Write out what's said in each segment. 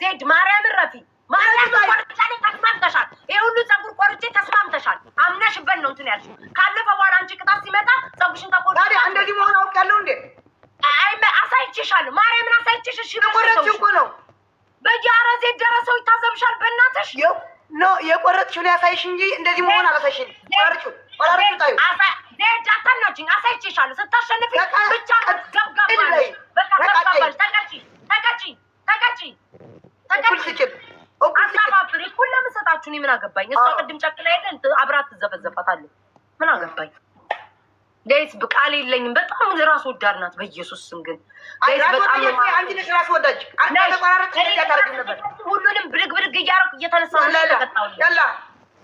ዜድ ማርያምን ረፊ ማርያም ቆርጬ ተስማምተሻል። ይህ ሁሉ ፀጉር ቆርጬ ተስማምተሻል። አምነሽበት ነው እንትን ያልሽው። ካለፈ በኋላ አንቺ ቅጣት ሲመጣ ፀጉርሽን ተቆ እንደዚህ መሆን አውቃለሁ እንዴ? አይ አሳይቼሻለሁ። ማርያምን አሳይችሽ። እሺ ቆረጥሽ እኮ ነው በጃረ ዜድ ደረሰው ይታዘብሻል። በእናትሽ ኖ የቆረጥሽውን ያሳይሽ እንጂ እንደዚህ መሆን አላሳይሽም። ቆርጩ ቆራርጩ ታዩ ዜድ አታናችኝ። አሳይቼሻለሁ ስታሸንፊ ብቻ ገብ ምን አገባኝ? እሷ ቅድም ጨክላ የለን አብራት ትዘፈዘፋታለች። ምን አገባኝ? ጋይስ ብቃል የለኝም። በጣም ራስ ወዳድ ናት። በኢየሱስ ስም ግን ሁሉንም ብድግ ብድግ እያረኩ እየተነሳ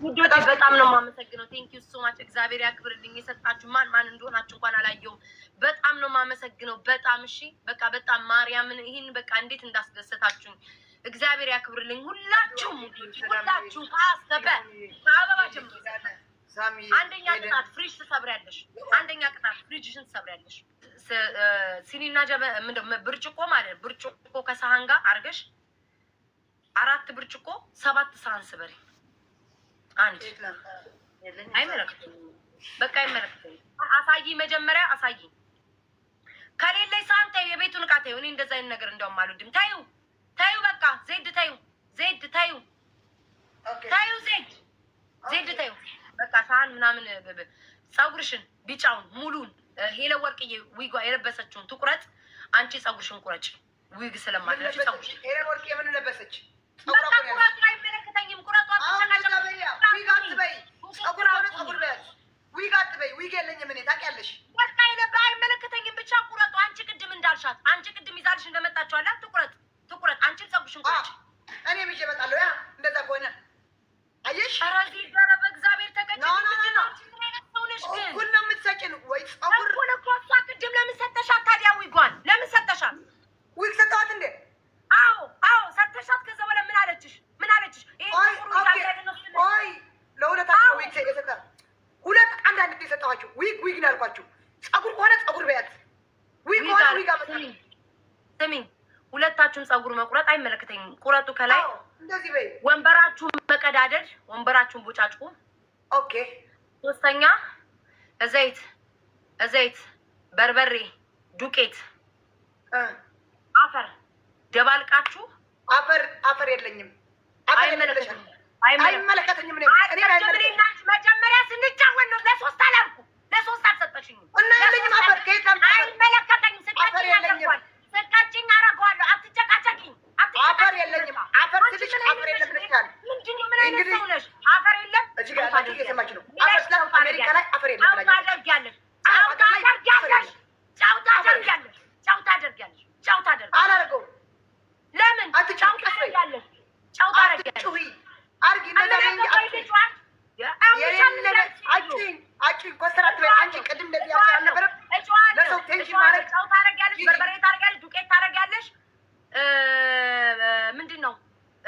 ውዶች በጣም ነው የማመሰግነው። ቴንኪዩ ሶ ማች እግዚአብሔር ያክብርልኝ። የሰጣችሁ ማን ማን እንደሆናችሁ እንኳን አላየውም። በጣም ነው የማመሰግነው። በጣም እሺ፣ በቃ በጣም ማርያምን ይህን በቃ እንዴት እንዳስደሰታችሁኝ እግዚአብሔር ያክብርልኝ። ሁላችሁም ሁላችሁ ከአስከበ ከአበባ ጀምሮ አንደኛ ቅጣት ፍሪጅ ትሰብሪያለሽ። አንደኛ ቅጣት ፍሪጅሽን ትሰብሪያለሽ። ሲኒና ጀበ ብርጭቆ ማለት ብርጭቆ ከሰሃን ጋር አርገሽ አራት ብርጭቆ ሰባት ሰሃን ስበሪ። አንድ አይመለክትም፣ በቃ አይመለክትም። አሳይ መጀመሪያ አሳይ። ከሌለኝ ሰሃን ተይው፣ የቤቱን እቃ ተይው። እኔ እንደዛ አይነት ነገር እንደውም አልወድም። ተይው ተይው በቃ ዜድ ታዩ፣ ዜድ ታዩ፣ ታዩ፣ ዜድ ዜድ ታዩ። በቃ ሳህን ምናምን ፀጉርሽን ቢጫውን ሙሉን ሄለ ወርቅዬ ዊጓ የለበሰችውን ትቁረጥ። አንቺ ፀጉርሽን ቁረጭ ዊግ ስለማድረግ ፀጉርሽን ቁረጥኝ ቁረጡ ከላይ ወንበራችሁን መቀዳደድ ወንበራችሁን ቦጫጭቁ። ኦኬ። ሶስተኛ ዘይት ዘይት፣ በርበሬ፣ ዱቄት፣ አፈር ደባልቃችሁ። አፈር አፈር የለኝም፣ አይመለከተኝም። መጀመሪያ ስንጫወት ነው። ለሶስት አላልኩ ለሶስት አልሰጠሽኝም እና አፈር ከየት አይመለከተኝም። በቃችኝ፣ አደርገዋለሁ። አትጨቃጨቂኝ። አፈር የለኝም። አፈር ትልሽ አፈር የለም። ምንድን ነው? ምን አይነት ሰው ነሽ? አፈር የለም። እየሰማች ነው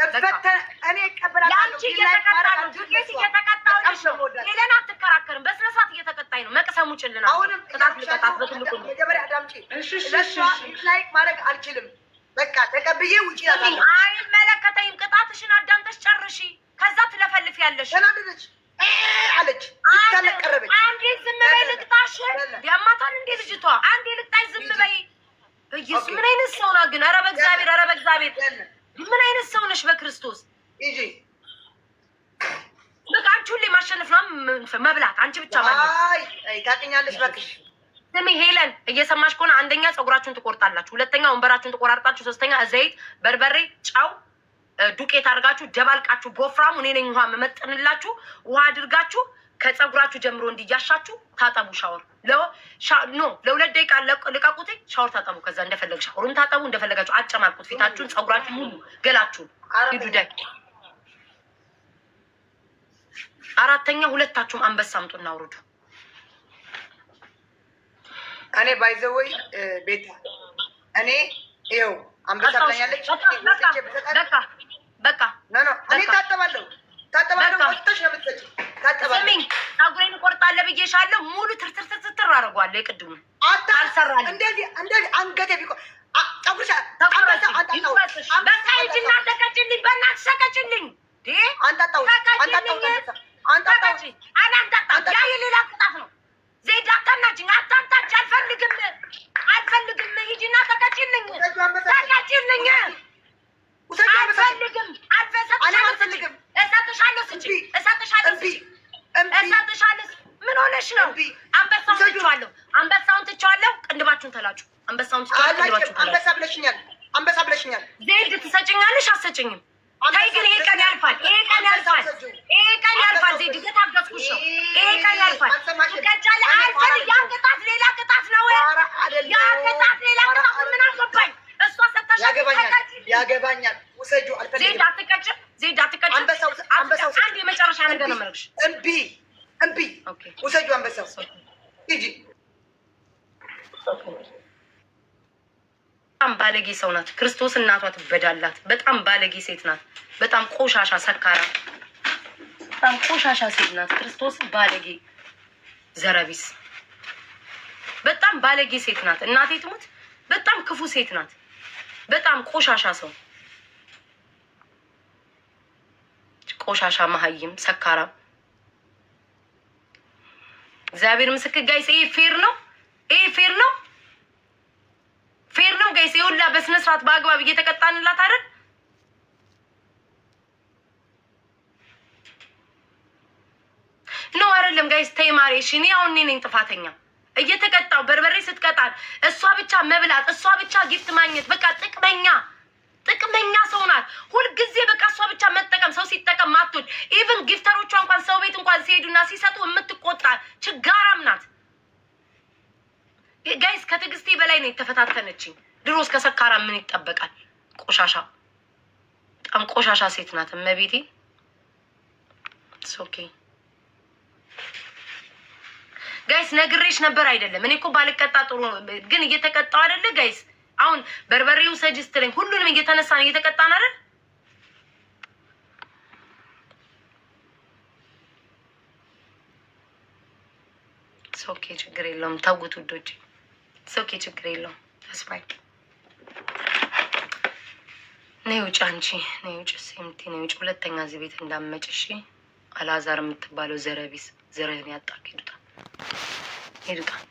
እኔ እቀበላለሁ። ሄለን አትከራከርም። በስነ ስርዓት እየተቀጣኝ ነው። መቅሰሙ ጭልና አሁንም ቅጣት ልቀጣት በትልቁ ገበሬ አዳምጪ። ላይ ማድረግ አልችልም። በቃ ተቀብዬ ውጭ አይመለከተኝም። ቅጣትሽን አዳምጠሽ ጨርሺ። ከዛ ትለፈልፍ ያለሽ ተናደደች አለች አንዴ ዝም በይ ልቅጣሽ። ቢያማታል እንዴ ልጅቷ። አንዴ ልቅጣሽ ዝም በይ። በኢየሱስ ምን አይነት ሰው ናት ግን? ኧረ በእግዚአብሔር ኧረ በእግዚአብሔር ምን አይነት ሰው ነሽ? በክርስቶስ በቃ አንቺ ሁሌ ማሸነፍ ነው መብላት፣ አንቺ ብቻ ማለት ታውቂኛለሽ። በቃሽ ስሚ ሄለን፣ እየሰማሽ ከሆነ አንደኛ ፀጉራችሁን ትቆርጣላችሁ፣ ሁለተኛ ወንበራችሁን ትቆራርጣችሁ፣ ሶስተኛ ዘይት፣ በርበሬ፣ ጨው፣ ዱቄት አድርጋችሁ ደባልቃችሁ፣ በወፍራሙ እኔ ነኝ ውሃ መመጠንላችሁ፣ ውሃ አድርጋችሁ ከፀጉራችሁ ጀምሮ እንዲያሻችሁ ታጠቡ። ሻወር ኖ ለሁለት ደቂቃ ልቀቁት፣ ሻወር ታጠቡ። ከዛ እንደፈለግ ሻወሩን ታጠቡ፣ እንደፈለጋችሁ አጨማልቁት። ፊታችሁን፣ ፀጉራችሁ ሙሉ ገላችሁን ሂዱ። ዳይ አራተኛ ሁለታችሁም አንበሳ አምጡና አውርዱ። እኔ ባይዘወይ ቤት እኔ ይኸው አንበሳ ብላኛለች። በቃ በቃ እኔ ታጠባለሁ ታጠባለሁ ወጥተሽ ነው የምትሰጪው ስሚኝ፣ ጸጉሬን እቆርጣለሁ ብዬሻለሁ። ሙሉ ትርትርትርትር አደርገዋለሁ። የቅድሙ አልሰራልኝ። እንደዚህ አንገቴ ቢቆይ ስጪኝ፣ እሰጥሻለሁ፣ ስጪኝ እሰጥሻለሁ። ምን ሆነሽ ነው? አንበሳውን ትቼዋለሁ። አንበሳውን ትቼዋለሁ። ቅንድባችሁን ተላጩ። አንበሳውን ትቼዋለሁ። አንበሳ ብለሽኛል። አንበሳ ብለሽኛል። ዘይድ ትሰጭኛለሽ? አትሰጭኝም። ተይ ግን ይሄ ቀን ያልፋል። ይሄ ቀን ያልፋል። ይሄ ቀን ያልፋል። ዘይድ ከታገስኩሽ ነው። ይሄ ቀን ያልፋል። ትቀጫለሽ። አልፈል ያ ቅጣት ሌላ ቅጣት ነው። ያ ቅጣት ሌላ ቅጣት ምን አገባኝ? እሷ ሰጥተሻል። ያገባኛል። ያገባኛል። ውሰጂው። አልፈልግም። ዘይድ አትቀጭም እምቢ እምቢ። ውሰጁ አንበሳው ሂጂ። በጣም ባለጌ ሰው ናት። ክርስቶስ እናቷ ትበዳላት። በጣም ባለጌ ሴት ናት። በጣም ቆሻሻ ሰካራ፣ በጣም ቆሻሻ ሴት ናት። ክርስቶስ ባለጌ ዘረቢስ፣ በጣም ባለጌ ሴት ናት። እናቴ ትሙት። በጣም ክፉ ሴት ናት። በጣም ቆሻሻ ሰው ቆሻሻ፣ መሀይም፣ ሰካራም እግዚአብሔር ምስክር ጋይስ፣ ይሄ ፌር ነው። ይሄ ፌር ነው። ፌር ነው ጋይስ። የሁላ በስነ ስርዓት በአግባብ እየተቀጣንላት አይደል? ነው አይደለም ጋይስ? ተይ ማሬ፣ እሺ። እኔ አሁን እኔ ነኝ ጥፋተኛ። እየተቀጣው በርበሬ ስትቀጣል፣ እሷ ብቻ መብላት፣ እሷ ብቻ ጊፍት ማግኘት፣ በቃ ጥቅመኛ ጥቅመኛ ሰው ናት። ሁልጊዜ በቃ እሷ ብቻ መጠቀም ሰው ሲጠቀም ማትወድ ኢቨን ጊፍተሮቿ እንኳን ሰው ቤት እንኳን ሲሄዱና ሲሰጡ የምትቆጣ ችጋራም ናት። ጋይስ ከትዕግስቴ በላይ ነው የተፈታተነችኝ። እስከ ሰካራ ምን ይጠበቃል? ቆሻሻ፣ በጣም ቆሻሻ ሴት ናት እመቤቴ። ኦኬ ጋይስ ነግሬሽ ነበር አይደለም። እኔ እኮ ባልቀጣ ጥሩ ግን እየተቀጣው አይደለ ጋይስ አሁን በርበሬው ሰጅስት ላይ ሁሉንም እየተነሳን እየተቀጣን አይደል? ሶኬ ችግር የለውም። ተውት ውዶች፣ ሶኬ ችግር የለውም። ተስፋይ ነይ ውጭ፣ አንቺ ነይ ውጭ፣ ሴምቲ ነይ ውጭ። ሁለተኛ እዚህ ቤት እንዳመጭ እንዳመጭሽ አላዛር የምትባለው ዘረቢስ ዘረህን ያጣክ ሄዱታል፣ ሄዱታል።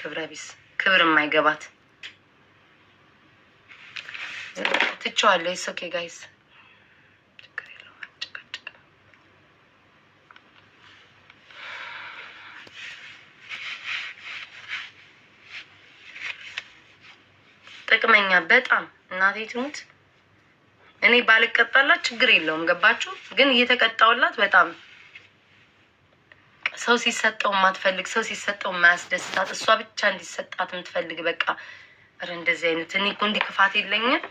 ክብረ ቢስ ክብር የማይገባት ትቼዋለሁ። ይሶኬ ጋይስ ጥቅመኛ በጣም እናቴ ትሙት። እኔ ባልቀጣላት ችግር የለውም ገባችሁ? ግን እየተቀጣውላት በጣም ሰው ሲሰጠው የማትፈልግ ሰው ሲሰጠው የማያስደስታት እሷ ብቻ እንዲሰጣት የምትፈልግ በቃ። ኧረ እንደዚህ አይነት እኔ እኮ እንዲህ ክፋት የለኝም።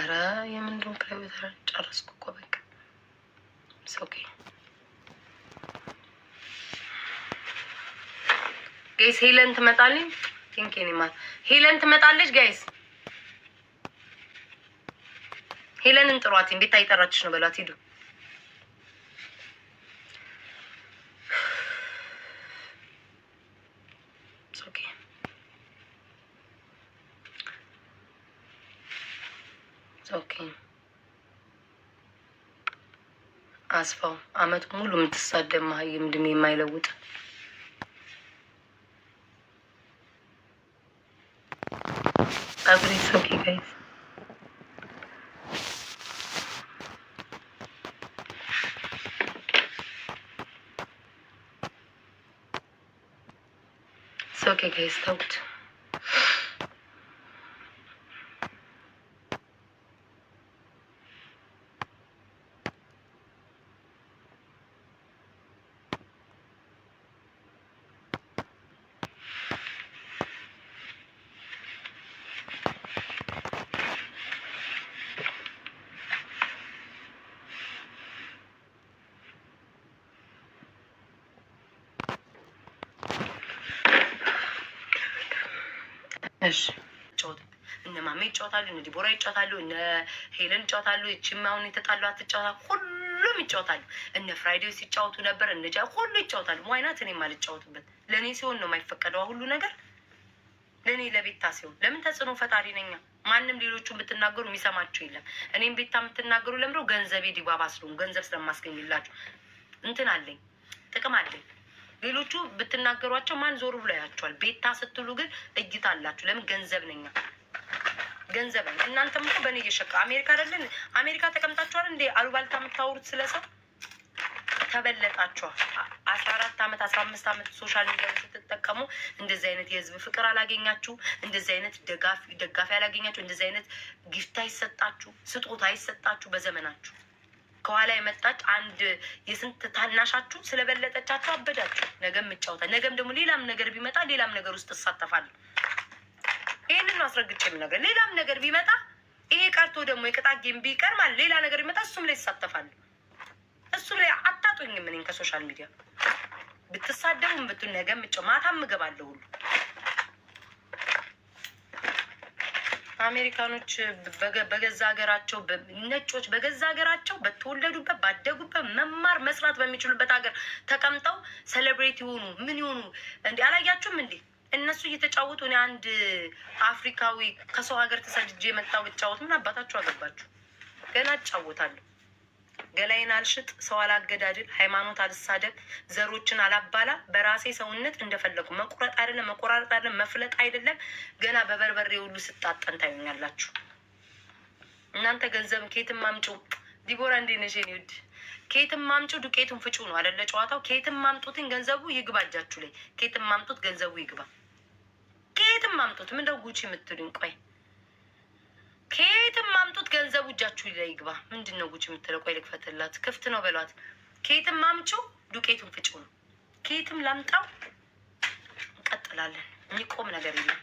ኧረ የምንድን ፕራይቬት ጨረስኩ እኮ በቃ ኦኬ ጋይስ ሄለን ትመጣልኝ ቲንክ ኔ ማለት ሄለን ትመጣለች ጋይስ ሄለን እንጥሯት ቤታ እየጠራችሽ ነው በሏት ሂዱ ኦኬ ኦኬ አስፋው አመት ሙሉ የምትሳደብ መሀይም እድሜ የማይለውጥ አብሬ ኦኬ ጋይዝ ኦኬ ጋይዝ ተውት። እሺ ጨዋታ እነ ማሜ ይጫወታሉ፣ እነ ዲቦራ ይጫወታሉ፣ እነ ሄለን ይጫወታሉ። ችማውን የተጣሉ አትጫወታ ሁሉም ይጫወታሉ። እነ ፍራይዴ ሲጫወቱ ነበር። እነ ጃ ሁሉ ይጫወታሉ። ዋይናት እኔ ማልጫወትበት ለእኔ ሲሆን ነው የማይፈቀደዋ ሁሉ ነገር ለእኔ ለቤታ ሲሆን ለምን ተጽዕኖ ፈጣሪ ነኛ። ማንም ሌሎቹ ብትናገሩ የሚሰማቸው የለም። እኔም ቤታ የምትናገሩ ለምደው ገንዘቤ ዲባባ ስለሆኑ ገንዘብ ስለማስገኝላችሁ እንትን አለኝ ጥቅም አለኝ። ሌሎቹ ብትናገሯቸው ማን ዞሩ ብሎ ያቸዋል። ቤታ ስትሉ ግን እይታ አላችሁ። ለምን ገንዘብ ነኛ ገንዘብ ነ እናንተም እኮ በእኔ እየሸቀ አሜሪካ አይደለን አሜሪካ ተቀምጣችኋል እንዴ? አሉባልታ የምታወሩት ስለ ሰው ተበለጣችኋል። አስራ አራት አመት አስራ አምስት አመት ሶሻል ሚዲያ ስትጠቀሙ እንደዚህ አይነት የህዝብ ፍቅር አላገኛችሁ፣ እንደዚህ አይነት ደጋፊ አላገኛችሁ፣ እንደዚህ አይነት ጊፍት አይሰጣችሁ፣ ስጦታ አይሰጣችሁ በዘመናችሁ ከኋላ የመጣች አንድ የስንት ታናሻችሁ ስለበለጠቻችሁ አበዳችሁ። ነገም እጫወታ ነገም ደግሞ ሌላም ነገር ቢመጣ ሌላም ነገር ውስጥ እሳተፋለሁ። ይህንን ነው አስረግጬ ነገር ሌላም ነገር ቢመጣ ይሄ ቀርቶ ደግሞ የቅጣት ጌም ቢቀር ማለት ሌላ ነገር ቢመጣ እሱም ላይ እሳተፋለሁ። እሱ ላይ አታጡኝም። እኔን ከሶሻል ሚዲያ ብትሳደቡም ብቱ ነገም እጫው ማታም እገባለሁ ሁሉ አሜሪካኖች በገዛ ሀገራቸው ነጮች በገዛ ሀገራቸው በተወለዱበት ባደጉበት መማር መስራት በሚችሉበት ሀገር ተቀምጠው ሴሌብሬት የሆኑ ምን የሆኑ እንዲ አላያችሁም እንዴ? እነሱ እየተጫወቱ እኔ አንድ አፍሪካዊ ከሰው ሀገር ተሰድጄ የመጣው ብጫወት ምን አባታችሁ አገባችሁ? ገና እጫወታለሁ። ገላይን አልሽጥ፣ ሰው አላገዳድል፣ ሃይማኖት አልሳደብ፣ ዘሮችን አላባላ፣ በራሴ ሰውነት እንደፈለጉ መቁረጥ አይደለም መቆራረጥ አይደለም መፍለጥ አይደለም። ገና በበርበሬ ሁሉ ስጣጠን ታዩኛላችሁ እናንተ። ገንዘብ ኬትም አምጩ። ዲቦራ እንዴት ነሽ የኔ ውድ? ኬትም አምጩ፣ ዱቄቱን ፍጩ ነው አይደለ ጨዋታው። ኬትም አምጡትን ገንዘቡ ይግባ እጃችሁ ላይ። ኬትም አምጡት ገንዘቡ ይግባ። ኬትም አምጡት ምንደው ጉቺ የምትሉኝ ቆይ ኬት ገንዘቡ እጃችሁ ላይ ይግባ። ምንድን ነው ጉጭ የምትለው? ቆይ ልክፈትላት። ክፍት ነው በሏት። ከየትም አምጪው፣ ዱቄቱን ፍጪው ነው። ከየትም ላምጣው። እንቀጥላለን። የሚቆም ነገር የለም።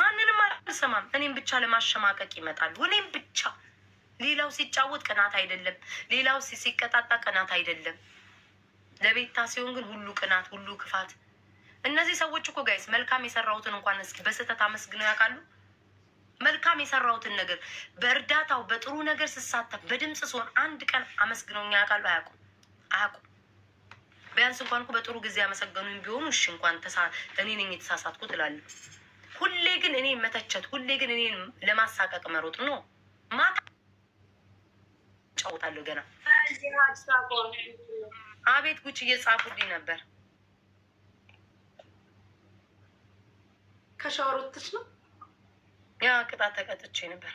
ማንንም አልሰማም። እኔም ብቻ ለማሸማቀቅ ይመጣሉ። እኔም ብቻ ሌላው ሲጫወት ቅናት አይደለም። ሌላው ሲቀጣጣ ቅናት አይደለም። ለቤታ ሲሆን ግን ሁሉ ቅናት፣ ሁሉ ክፋት። እነዚህ ሰዎች እኮ ጋይስ መልካም የሰራሁትን እንኳን እስኪ በስህተት አመስግነው ያውቃሉ? መልካም የሰራሁትን ነገር በእርዳታው በጥሩ ነገር ስሳተፍ በድምፅ ሲሆን አንድ ቀን አመስግነውኛ ያውቃሉ? አያውቁም፣ አያውቁም። ቢያንስ እንኳን እኮ በጥሩ ጊዜ ያመሰገኑኝ ቢሆኑ እሺ እንኳን እኔ ነኝ የተሳሳትኩ ትላለ። ሁሌ ግን እኔ መተቸት፣ ሁሌ ግን እኔ ለማሳቀቅ መሮጥ ነው። ማታ ጫወታለሁ ገና። አቤት ጉጭ እየጻፉልኝ ነበር። ከሻወር ወጥተሽ ነው ያ ቅጣት ተቀጥቼ ነበር።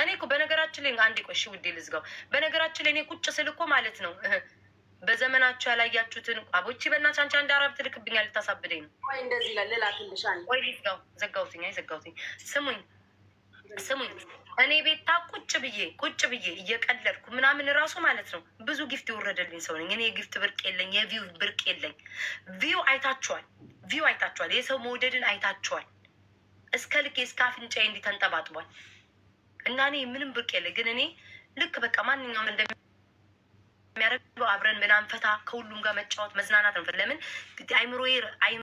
እኔ እኮ በነገራችን ላይ አንድ ቆሽ ውዴ ልዝጋው። በነገራችን ላይ እኔ ቁጭ ስል እኮ ማለት ነው በዘመናቸው ያላያችሁትን አቦቺ በእናትሽ አንቺ አንድ አረብ ትልክብኛል፣ ልታሳብደኝ ነው። ወይ ልዝጋው? ዘጋሁትኝ። አይ ስሙኝ ስሙኝ እኔ ቤታ ቁጭ ብዬ ቁጭ ብዬ እየቀለድኩ ምናምን ራሱ ማለት ነው ብዙ ጊፍት የወረደልኝ ሰው ነኝ። እኔ የጊፍት ብርቅ የለኝ፣ የቪው ብርቅ የለኝ። ቪው አይታችኋል፣ ቪው አይታችኋል፣ የሰው መውደድን አይታችኋል። እስከ ልኬ እስከ አፍንጫዬ እንዲህ ተንጠባጥቧል እና እኔ ምንም ብቅ የለ ግን እኔ ልክ በቃ ማንኛውም እንደሚያደርገው አብረን ምናምን ፈታ ከሁሉም ጋር መጫወት መዝናናት ነው። ለምን አይምሮ አይምሮዬ